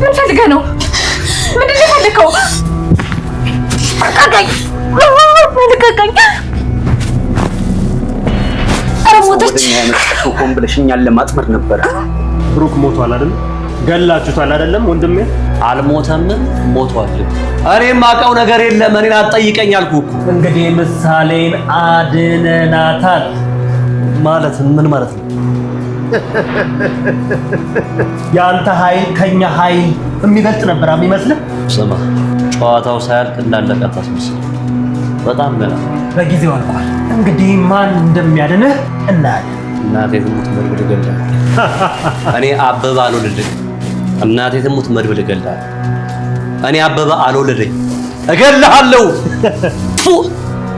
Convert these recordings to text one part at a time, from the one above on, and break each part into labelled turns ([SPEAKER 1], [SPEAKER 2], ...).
[SPEAKER 1] ምን ፈልገህ ነው? ምንድን ነው የፈለከው? ልቀቀኝ! ልቀቀኝ!
[SPEAKER 2] ብለሽኛል ለማጥመድ ነበረ።
[SPEAKER 3] ብሩክ ሞቷል አይደል? ገላችሁታል አይደለም? ወንድሜ
[SPEAKER 2] አልሞተም፣ ሞቷል።
[SPEAKER 3] እኔ የማውቀው ነገር የለም። እኔን አትጠይቀኝ አልኩህ
[SPEAKER 4] እኮ። እንግዲህ ምሳሌን አድነናታል
[SPEAKER 3] ማለት ምን ማለት ነው? የአንተ ኃይል ከኛ ኃይል የሚበልጥ ነበር የሚመስልህ።
[SPEAKER 2] ስማ ጨዋታው ሳያልቅ እንዳለቀ ታስመስል። በጣም ገና
[SPEAKER 3] በጊዜው አልቋል። እንግዲህ ማን እንደሚያድንህ እናያለን።
[SPEAKER 2] እናቴ ትሙት መድብል እገልሃለሁ። እኔ አበበ አልወለደኝ። እናቴ ትሙት መድብል እገልሃለሁ። እኔ አበበ አልወለደኝ። እገልሃለሁ።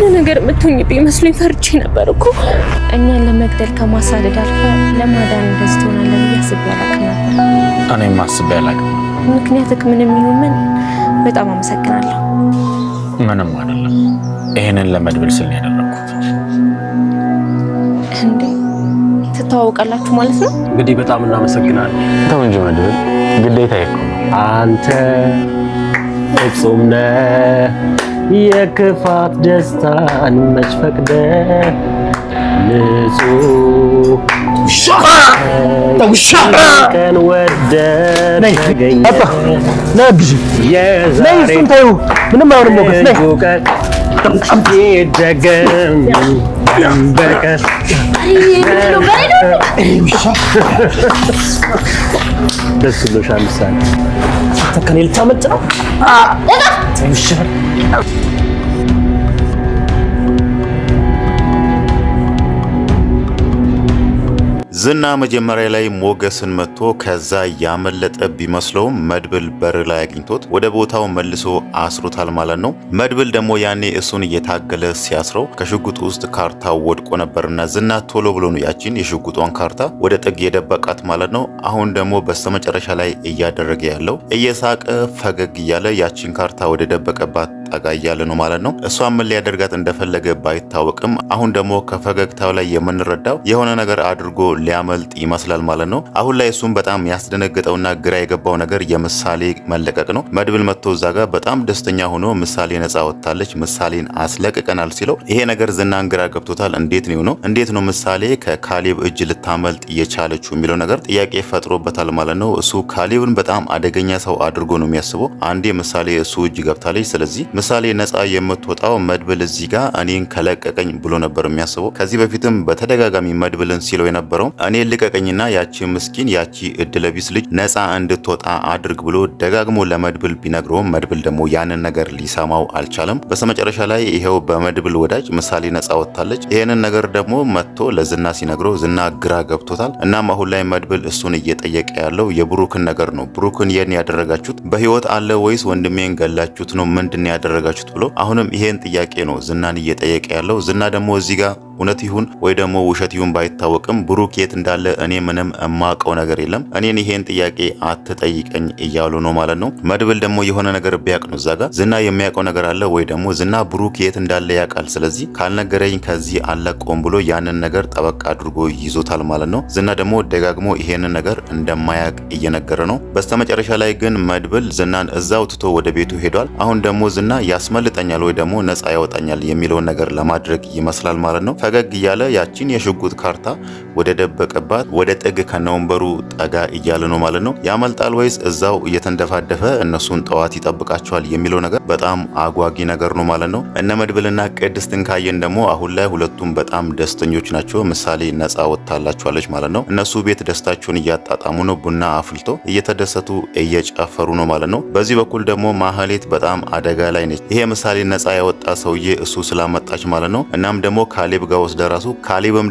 [SPEAKER 1] የሆነ ነገር የምትሆኝብኝ መስሎኝ ፈርቼ ነበር እኮ።
[SPEAKER 5] እኛን ለመግደል ከማሳደድ አልፈ ለማዳን እንደዚህ ትሆናለህ ብዬ አስቤ አላውቅም
[SPEAKER 2] ነበር። እኔም አስቤ አላውቅም።
[SPEAKER 1] ምክንያትህ ምንም ይሁን ምን በጣም አመሰግናለሁ።
[SPEAKER 2] ምንም አይደለም። ይሄንን ለመድብል ስል ያደረኩት።
[SPEAKER 1] እንዴ ትተዋወቃላችሁ ማለት ነው?
[SPEAKER 2] እንግዲህ በጣም እናመሰግናለን። ተው እንጂ መድብል፣ ግዴታ ይኮ አንተ ፍጹም ነህ የክፋት ደስታን መች ፈቅደ ንጹህ ቀን ወደ ተገኘ ደስ ብሎሻል።
[SPEAKER 3] ምሳሌ ልታመጭ ነው
[SPEAKER 2] Oh shit.
[SPEAKER 6] ዝና መጀመሪያ ላይ ሞገስን መጥቶ ከዛ ያመለጠ ቢመስለውም መድብል በር ላይ አግኝቶት ወደ ቦታው መልሶ አስሮታል ማለት ነው። መድብል ደግሞ ያኔ እሱን እየታገለ ሲያስረው ከሽጉጥ ውስጥ ካርታ ወድቆ ነበርና ዝና ቶሎ ብሎ ነው ያችን የሽጉጧን ካርታ ወደ ጥግ የደበቃት ማለት ነው። አሁን ደግሞ በስተመጨረሻ ላይ እያደረገ ያለው እየሳቀ ፈገግ እያለ ያችን ካርታ ወደ ደበቀባት ጠጋ እያለ ነው ማለት ነው። እሷ ምን ሊያደርጋት እንደፈለገ ባይታወቅም አሁን ደግሞ ከፈገግታው ላይ የምንረዳው የሆነ ነገር አድርጎ ሊያ ሊያመልጥ ይመስላል ማለት ነው። አሁን ላይ እሱም በጣም ያስደነገጠውና ግራ የገባው ነገር የምሳሌ መለቀቅ ነው። መድብል መጥቶ እዛ ጋር በጣም ደስተኛ ሆኖ ምሳሌ ነጻ ወጥታለች፣ ምሳሌን አስለቅቀናል ሲለው ይሄ ነገር ዝናን ግራ ገብቶታል። እንዴት ነው ነው እንዴት ነው ምሳሌ ከካሌብ እጅ ልታመልጥ የቻለችው የሚለው ነገር ጥያቄ ፈጥሮበታል ማለት ነው። እሱ ካሌብን በጣም አደገኛ ሰው አድርጎ ነው የሚያስበው። አንዴ ምሳሌ እሱ እጅ ገብታለች፣ ስለዚህ ምሳሌ ነጻ የምትወጣው መድብል እዚህ ጋር እኔን ከለቀቀኝ ብሎ ነበር የሚያስበው። ከዚህ በፊትም በተደጋጋሚ መድብልን ሲለው የነበረው እኔ ልቀቀኝና ያቺ ምስኪን ያቺ እድለቢስ ልጅ ነፃ እንድትወጣ አድርግ ብሎ ደጋግሞ ለመድብል ቢነግረውም መድብል ደግሞ ያንን ነገር ሊሰማው አልቻለም። በስተመጨረሻ ላይ ይሄው በመድብል ወዳጅ ምሳሌ ነፃ ወጥታለች። ይሄንን ነገር ደግሞ መጥቶ ለዝና ሲነግረው ዝና ግራ ገብቶታል። እናም አሁን ላይ መድብል እሱን እየጠየቀ ያለው የብሩክን ነገር ነው። ብሩክን የን ያደረጋችሁት በህይወት አለ ወይስ ወንድሜን ገላችሁት ነው ምንድን ያደረጋችሁት ብሎ አሁንም ይሄን ጥያቄ ነው ዝናን እየጠየቀ ያለው። ዝና ደግሞ እዚህ ጋር እውነት ይሁን ወይ ደግሞ ውሸት ይሁን ባይታወቅም ብሩክ የት እንዳለ እኔ ምንም የማውቀው ነገር የለም፣ እኔን ይሄን ጥያቄ አትጠይቀኝ እያሉ ነው ማለት ነው። መድብል ደግሞ የሆነ ነገር ቢያቅ ነው እዛ ጋ ዝና የሚያውቀው ነገር አለ ወይ ደግሞ ዝና ብሩክ የት እንዳለ ያውቃል፣ ስለዚህ ካልነገረኝ ከዚህ አለቆም ብሎ ያንን ነገር ጠበቅ አድርጎ ይዞታል ማለት ነው። ዝና ደግሞ ደጋግሞ ይሄንን ነገር እንደማያውቅ እየነገረ ነው። በስተመጨረሻ ላይ ግን መድብል ዝናን እዛው ትቶ ወደ ቤቱ ሄዷል። አሁን ደግሞ ዝና ያስመልጠኛል ወይ ደግሞ ነፃ ያወጣኛል የሚለውን ነገር ለማድረግ ይመስላል ማለት ነው። ፈገግ እያለ ያችን የሽጉጥ ካርታ ወደ ደበቀባት ወደ ጥግ ከነወንበሩ ጠጋ እያለ ነው ማለት ነው። ያመልጣል ወይስ እዛው እየተንደፋደፈ እነሱን ጠዋት ይጠብቃቸዋል የሚለው ነገር በጣም አጓጊ ነገር ነው ማለት ነው። እነ መድብልና ቅድስትን ካየን ደግሞ አሁን ላይ ሁለቱም በጣም ደስተኞች ናቸው። ምሳሌ ነጻ ወጥታላቸዋለች ማለት ነው። እነሱ ቤት ደስታቸውን እያጣጣሙ ነው። ቡና አፍልቶ እየተደሰቱ እየጨፈሩ ነው ማለት ነው። በዚህ በኩል ደግሞ ማህሌት በጣም አደጋ ላይ ነች። ይሄ ምሳሌ ነፃ ያወጣ ሰውዬ እሱ ስላመጣች ማለት ነው። እናም ደግሞ ካሌብ ጋር ወስዳ ራሱ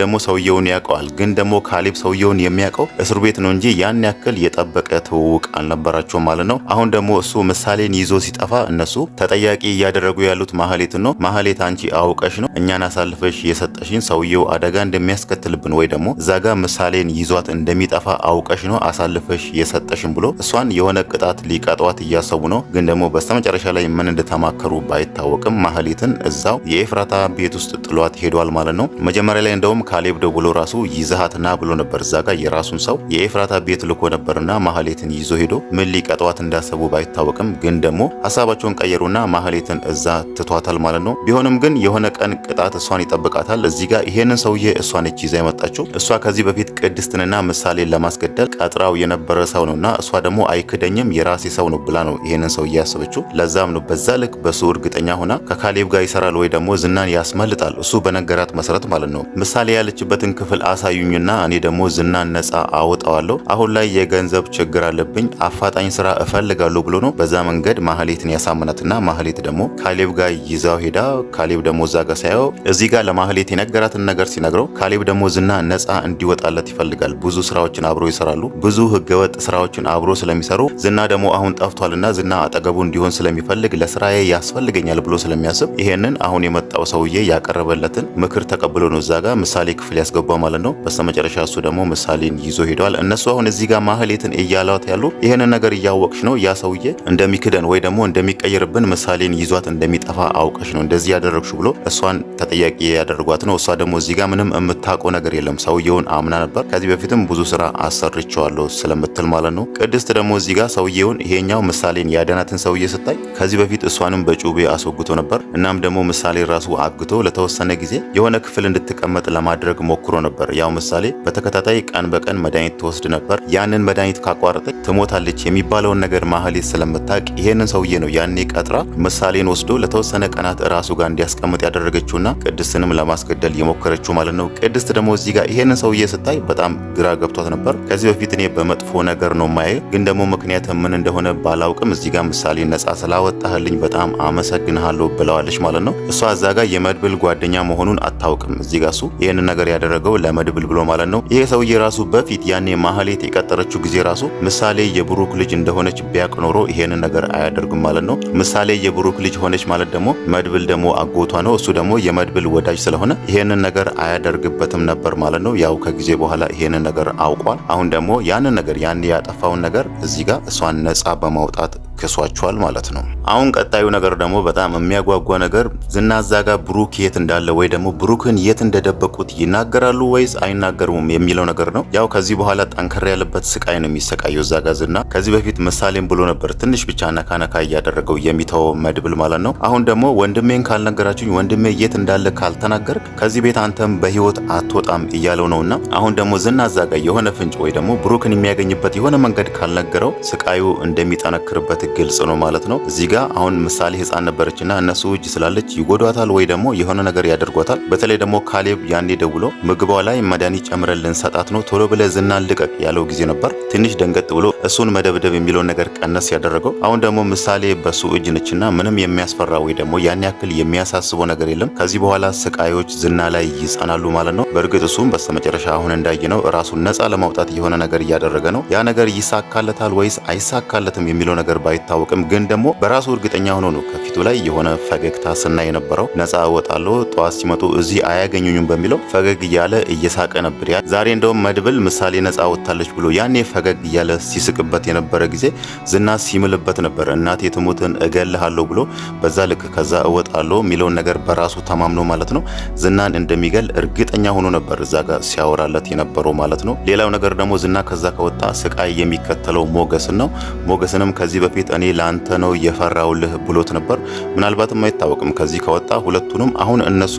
[SPEAKER 6] ደግሞ ሰውየውን ያውቀዋል። ግን ደግሞ ካሊብ ሰውየውን የሚያውቀው እስር ቤት ነው እንጂ ያን ያክል የጠበቀ ትውውቅ አልነበራቸውም ማለት ነው። አሁን ደግሞ እሱ ምሳሌን ይዞ ሲጠፋ እነሱ ተጠያቂ እያደረጉ ያሉት ማህሌት ነው። ማህሌት አንቺ አውቀሽ ነው እኛን አሳልፈሽ የሰጠሽን ሰውየው አደጋ እንደሚያስከትልብን ወይ ደግሞ ዛጋ ምሳሌን ይዟት እንደሚጠፋ አውቀሽ ነው አሳልፈሽ የሰጠሽን ብሎ እሷን የሆነ ቅጣት ሊቀጧት እያሰቡ ነው። ግን ደግሞ በስተመጨረሻ ላይ ምን እንደተማከሩ ባይታወቅም ማህሌትን እዛው የኤፍራታ ቤት ውስጥ ጥሏት ሄዷል ማለት ነው። ማለት ነው። መጀመሪያ ላይ እንደውም ካሌብ ደውሎ ራሱ ይዘሃትና ብሎ ነበር። እዛ ጋር የራሱን ሰው የኤፍራታ ቤት ልኮ ነበርና ማህሌትን ይዞ ሄዶ ምን ሊቀጠዋት እንዳሰቡ ባይታወቅም ግን ደግሞ ሀሳባቸውን ቀየሩና ማህሌትን እዛ ትቷታል ማለት ነው። ቢሆንም ግን የሆነ ቀን ቅጣት እሷን ይጠብቃታል። እዚህ ጋር ይሄንን ሰውዬ እሷ ነች ይዛ የመጣችው። እሷ ከዚህ በፊት ቅድስትንና ምሳሌን ለማስገደል ቀጥራው የነበረ ሰው ነውና እሷ ደግሞ አይክደኝም የራሴ ሰው ነው ብላ ነው ይሄንን ሰውዬ ያሰበችው። ለዛም ነው በዛ ልክ በሱ እርግጠኛ ሆና ከካሌብ ጋር ይሰራል ወይ ደግሞ ዝናን ያስመልጣል እሱ በነገራት መሰረት ማለት ነው። ምሳሌ ያለችበትን ክፍል አሳዩኝና እኔ ደግሞ ዝናን ነፃ አወጣዋለሁ። አሁን ላይ የገንዘብ ችግር አለብኝ፣ አፋጣኝ ስራ እፈልጋለሁ ብሎ ነው። በዛ መንገድ ማህሌትን ያሳምናትና ማህሌት ደግሞ ካሌብ ጋር ይዛው ሄዳ ካሌብ ደግሞ እዛ ጋር ሳየው እዚህ ጋር ለማህሌት የነገራትን ነገር ሲነግረው ካሌብ ደግሞ ዝና ነፃ እንዲወጣለት ይፈልጋል። ብዙ ስራዎችን አብሮ ይሰራሉ። ብዙ ህገወጥ ስራዎችን አብሮ ስለሚሰሩ ዝና ደግሞ አሁን ጠፍቷልና ዝና አጠገቡ እንዲሆን ስለሚፈልግ ለስራዬ ያስፈልገኛል ብሎ ስለሚያስብ ይሄንን አሁን የመጣው ሰውዬ ያቀረበለትን ምክር ተቀብሎ ነው እዛ ጋር ምሳሌ ክፍል ያስገባ ማለት ነው። በስተመጨረሻ መጨረሻ እሱ ደግሞ ምሳሌን ይዞ ሄደዋል። እነሱ አሁን እዚህ ጋር ማህሌትን እያሏት ያሉ ይህንን ነገር እያወቅሽ ነው ያ ሰውዬ እንደሚክደን ወይ ደግሞ እንደሚቀይርብን ምሳሌን ይዟት እንደሚጠፋ አውቀሽ ነው እንደዚህ ያደረግሹ ብሎ እሷን ተጠያቂ ያደርጓት ነው። እሷ ደግሞ እዚህ ጋር ምንም የምታውቀው ነገር የለም ሰውየውን አምና ነበር። ከዚህ በፊትም ብዙ ስራ አሰርቸዋለሁ ስለምትል ማለት ነው። ቅድስት ደግሞ እዚህ ጋር ሰውየውን ይሄኛው ምሳሌን ያደናትን ሰውዬ ስታይ ከዚህ በፊት እሷንም በጩቤ አስወግቶ ነበር። እናም ደግሞ ምሳሌ ራሱ አግቶ ለተወሰነ ጊዜ የሆነ የሆነ ክፍል እንድትቀመጥ ለማድረግ ሞክሮ ነበር። ያው ምሳሌ በተከታታይ ቀን በቀን መድኃኒት ትወስድ ነበር። ያንን መድኃኒት ካቋረጠች ትሞታለች የሚባለውን ነገር ማህሌት ስለምታውቅ ይሄንን ሰውዬ ነው ያኔ ቀጥራ ምሳሌን ወስዶ ለተወሰነ ቀናት እራሱ ጋር እንዲያስቀምጥ ያደረገችውና ቅድስትንም ለማስገደል የሞከረችው ማለት ነው። ቅድስት ደግሞ እዚህ ጋር ይሄንን ሰውዬ ስታይ በጣም ግራ ገብቷት ነበር። ከዚህ በፊት እኔ በመጥፎ ነገር ነው ማየ፣ ግን ደግሞ ምክንያት ምን እንደሆነ ባላውቅም እዚህ ጋር ምሳሌ ነጻ ስላወጣህልኝ በጣም አመሰግንሃለሁ ብለዋለች ማለት ነው። እሷ እዛ ጋር የመድብል ጓደኛ መሆኑን አ አታውቅም። እዚህ ጋር እሱ ይህንን ነገር ያደረገው ለመድብል ብሎ ማለት ነው። ይሄ ሰውዬ ራሱ በፊት ያኔ ማህሌት የቀጠረችው ጊዜ ራሱ ምሳሌ የብሩክ ልጅ እንደሆነች ቢያቅ ኖሮ ይሄንን ነገር አያደርግም ማለት ነው። ምሳሌ የብሩክ ልጅ ሆነች ማለት ደግሞ መድብል ደግሞ አጎቷ ነው። እሱ ደግሞ የመድብል ወዳጅ ስለሆነ ይሄንን ነገር አያደርግበትም ነበር ማለት ነው። ያው ከጊዜ በኋላ ይሄንን ነገር አውቋል። አሁን ደግሞ ያንን ነገር ያን ያጠፋውን ነገር እዚህ ጋር እሷን ነጻ በማውጣት ያስከሷቸዋል ማለት ነው። አሁን ቀጣዩ ነገር ደግሞ በጣም የሚያጓጓ ነገር ዝናዛጋ ብሩክ የት እንዳለ ወይ ደግሞ ብሩክን የት እንደደበቁት ይናገራሉ ወይስ አይናገሩም የሚለው ነገር ነው። ያው ከዚህ በኋላ ጠንከር ያለበት ስቃይ ነው የሚሰቃየው እዛ ጋ ዝና። ከዚህ በፊት ምሳሌም ብሎ ነበር ትንሽ ብቻ ነካነካ እያደረገው የሚተወው መድብል ማለት ነው። አሁን ደግሞ ወንድሜን ካልነገራችሁኝ፣ ወንድሜ የት እንዳለ ካልተናገር ከዚህ ቤት አንተም በህይወት አትወጣም እያለው ነውና አሁን ደግሞ ዝናዛጋ የሆነ ፍንጭ ወይ ደግሞ ብሩክን የሚያገኝበት የሆነ መንገድ ካልነገረው ስቃዩ እንደሚጠነክርበት ግልጽ ነው ማለት ነው። እዚህ ጋር አሁን ምሳሌ ህፃን ነበረችና እነሱ እጅ ስላለች ይጎዷታል ወይ ደግሞ የሆነ ነገር ያደርጓታል። በተለይ ደግሞ ካሌብ ያኔ ደውሎ ምግቧ ላይ መድኃኒት ጨምረልን ሰጣት ነው ቶሎ ብለ ዝና ልቀቅ ያለው ጊዜ ነበር። ትንሽ ደንገጥ ብሎ እሱን መደብደብ የሚለውን ነገር ቀነስ ያደረገው። አሁን ደግሞ ምሳሌ በሱ እጅ ነችና ምንም የሚያስፈራ ወይ ደግሞ ያን ያክል የሚያሳስበው ነገር የለም። ከዚህ በኋላ ስቃዮች ዝና ላይ ይጸናሉ ማለት ነው። በእርግጥ እሱም በስተመጨረሻ አሁን ነው ራሱን ነፃ ለማውጣት የሆነ ነገር እያደረገ ነው። ያ ነገር ይሳካለታል ወይስ አይሳካለትም የሚለው ነገር ባይ አይታወቅም፣ ግን ደግሞ በራሱ እርግጠኛ ሆኖ ነው ከፊቱ ላይ የሆነ ፈገግታ ስናይ የነበረው። ነፃ እወጣለሁ ጠዋት ሲመጡ እዚህ አያገኙኝም በሚለው ፈገግ እያለ እየሳቀ ነበር። ያ ዛሬ እንደውም መድብል ምሳሌ ነፃ ወጥታለች ብሎ ያኔ ፈገግ እያለ ሲስቅበት የነበረ ጊዜ ዝና ሲምልበት ነበር። እናቴ ትሙትን እገልሃለሁ ብሎ በዛ ልክ ከዛ እወጣለሁ የሚለውን ነገር በራሱ ተማምኖ ማለት ነው ዝናን እንደሚገል እርግጠኛ ሆኖ ነበር እዛ ጋር ሲያወራለት የነበረው ማለት ነው። ሌላው ነገር ደግሞ ዝና ከዛ ከወጣ ስቃይ የሚከተለው ሞገስን ነው። ሞገስንም ከዚህ በፊት በእርግጥ እኔ ለአንተ ነው የፈራውልህ ብሎት ነበር። ምናልባትም አይታወቅም ከዚህ ከወጣ ሁለቱንም አሁን እነሱ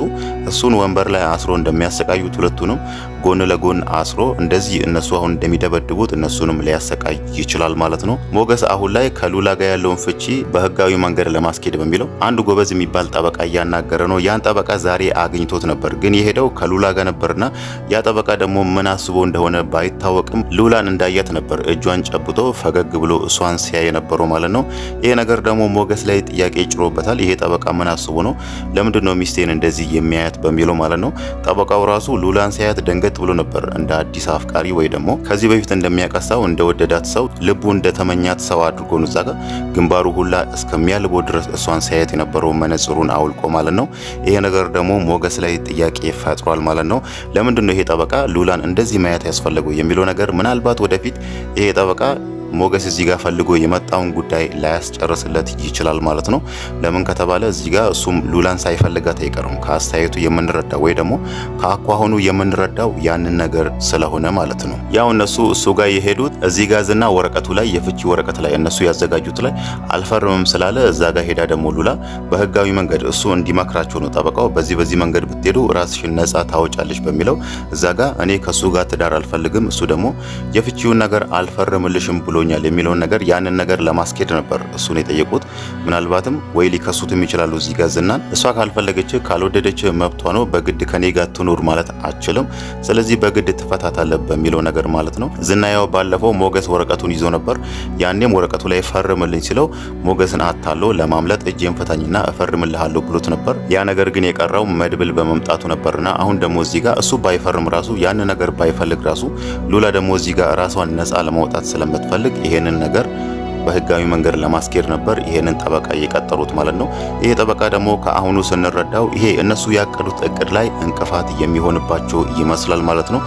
[SPEAKER 6] እሱን ወንበር ላይ አስሮ እንደሚያሰቃዩት ሁለቱንም ጎን ለጎን አስሮ እንደዚህ እነሱ አሁን እንደሚደበድቡት እነሱንም ሊያሰቃይ ይችላል ማለት ነው። ሞገስ አሁን ላይ ከሉላ ጋር ያለውን ፍቺ በህጋዊ መንገድ ለማስኬድ በሚለው አንድ ጎበዝ የሚባል ጠበቃ እያናገረ ነው። ያን ጠበቃ ዛሬ አግኝቶት ነበር፣ ግን የሄደው ከሉላ ጋር ነበርና ያ ጠበቃ ደግሞ ምን አስቦ እንደሆነ ባይታወቅም ሉላን እንዳያት ነበር እጇን ጨብጦ ፈገግ ብሎ እሷን ሲያይ ነበረው ማለት ነው። ይሄ ነገር ደግሞ ሞገስ ላይ ጥያቄ ጭሮበታል። ይሄ ጠበቃ ምን አስቦ ነው? ለምንድን ነው ሚስቴን እንደዚህ የሚያያት በሚለው ማለት ነው። ጠበቃው ራሱ ሉላን ሲያያት ደንገት ደንገጥ ብሎ ነበር። እንደ አዲስ አፍቃሪ ወይ ደግሞ ከዚህ በፊት እንደሚያቀሳው እንደወደዳት ሰው ልቡ እንደተመኛት ሰው አድርጎ ነው እዛ ግንባሩ ሁላ እስከሚያልቦ ድረስ እሷን ሲያየት የነበረው መነጽሩን አውልቆ ማለት ነው። ይሄ ነገር ደግሞ ሞገስ ላይ ጥያቄ ፈጥሯል ማለት ነው። ለምንድን ነው ይሄ ጠበቃ ሉላን እንደዚህ ማየት ያስፈለገው የሚለው ነገር ምናልባት ወደፊት ይሄ ጠበቃ ሞገስ እዚህ ጋር ፈልጎ የመጣውን ጉዳይ ላያስጨርስለት ይችላል ማለት ነው። ለምን ከተባለ እዚህ ጋር እሱም ሉላን ሳይፈልጋት አይቀርም። ከአስተያየቱ የምንረዳው ወይ ደግሞ ከአኳሆኑ የምንረዳው ያንን ነገር ስለሆነ ማለት ነው። ያው እነሱ እሱ ጋር የሄዱት እዚህ ጋር ዝና ወረቀቱ ላይ የፍቺ ወረቀት ላይ እነሱ ያዘጋጁት ላይ አልፈርምም ስላለ እዛ ጋር ሄዳ ደግሞ ሉላ በህጋዊ መንገድ እሱ እንዲመክራቸው ነው ጠበቃው። በዚህ በዚህ መንገድ ብትሄዱ ራስሽን ነጻ ታወጫለች በሚለው እዛ ጋር እኔ ከእሱ ጋር ትዳር አልፈልግም፣ እሱ ደግሞ የፍቺውን ነገር አልፈርምልሽም ብሎ ብለውኛል የሚለውን ነገር ያንን ነገር ለማስኬድ ነበር እሱን የጠየቁት። ምናልባትም ወይ ሊከሱትም ይችላሉ እዚህ ጋር ዝናን። እሷ ካልፈለገች ካልወደደች መብቷ ነው። በግድ ከኔ ጋር ትኑር ማለት አችልም። ስለዚህ በግድ ትፈታታለ በሚለው ነገር ማለት ነው። ዝናያው ባለፈው ሞገስ ወረቀቱን ይዞ ነበር። ያኔም ወረቀቱ ላይ ፈርምልኝ ሲለው ሞገስን አታለ ለማምለጥ እጄን ፈታኝና እፈርምልሃለሁ ብሎት ነበር። ያ ነገር ግን የቀረው መድብል በመምጣቱ ነበርና አሁን ደግሞ እዚህ ጋር እሱ ባይፈርም ራሱ ያን ነገር ባይፈልግ ራሱ ሉላ ደግሞ እዚህ ጋር ራሷን ነጻ ለማውጣት ስለምትፈልግ በመጠየቅ ይሄንን ነገር በህጋዊ መንገድ ለማስኬድ ነበር ይሄንን ጠበቃ እየቀጠሩት ማለት ነው። ይሄ ጠበቃ ደግሞ ከአሁኑ ስንረዳው ይሄ እነሱ ያቀዱት እቅድ ላይ እንቅፋት የሚሆንባቸው ይመስላል ማለት ነው።